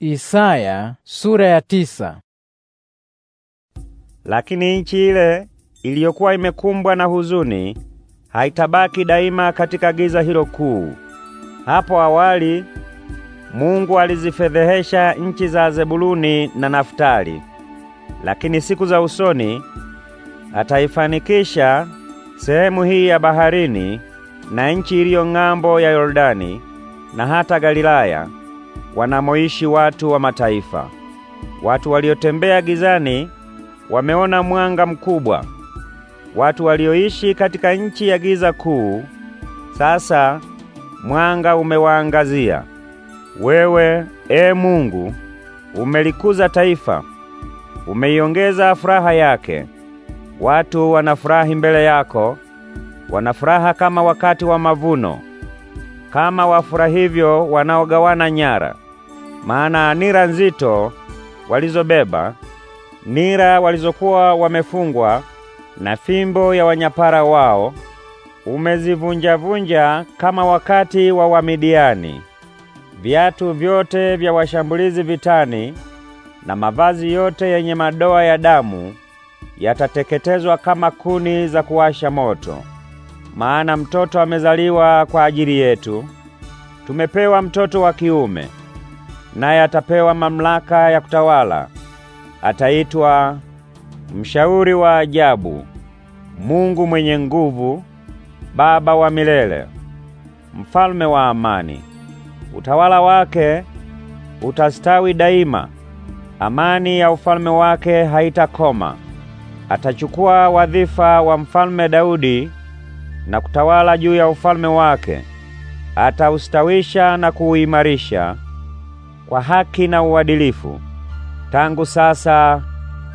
Isaya sura ya tisa. Lakini nchi ile iliyokuwa imekumbwa na huzuni haitabaki daima katika giza hilo kuu. Hapo awali Mungu alizifedhehesha nchi za Zebuluni na Naftali, lakini siku za usoni ataifanikisha sehemu hii ya baharini na nchi iliyo ng'ambo ya Yordani na hata Galilaya wanamoishi watu wa mataifa. Watu waliotembea gizani wameona mwanga mkubwa. Watu walioishi katika nchi ya giza kuu, sasa mwanga umewaangazia. Wewe, e Mungu, umelikuza taifa, umeiongeza furaha yake. Watu wanafurahi mbele yako, wanafuraha kama wakati wa mavuno kama wafurahivyo wanaogawana nyara. Maana nira nzito walizobeba, nira walizokuwa wamefungwa na fimbo ya wanyapara wao umezivunja-vunja kama wakati wa Wamidiani. Viatu vyote vya washambulizi vitani na mavazi yote yenye madoa ya damu yatateketezwa kama kuni za kuwasha moto maana mtoto amezaliwa kwa ajili yetu, tumepewa mtoto wa kiume, naye atapewa mamlaka ya kutawala. Ataitwa mshauri wa ajabu, Mungu mwenye nguvu, Baba wa milele, mfalme wa amani. Utawala wake utastawi daima, amani ya ufalme wake haitakoma. Atachukua wadhifa wa mfalme Daudi na kutawala juu ya ufalme wake. Ataustawisha na kuuimarisha kwa haki na uadilifu tangu sasa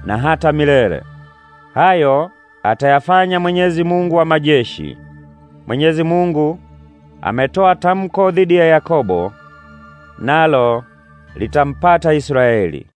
na hata milele. Hayo atayafanya Mwenyezi Mungu wa majeshi. Mwenyezi Mungu ametoa tamko dhidi ya Yakobo, nalo litampata Israeli.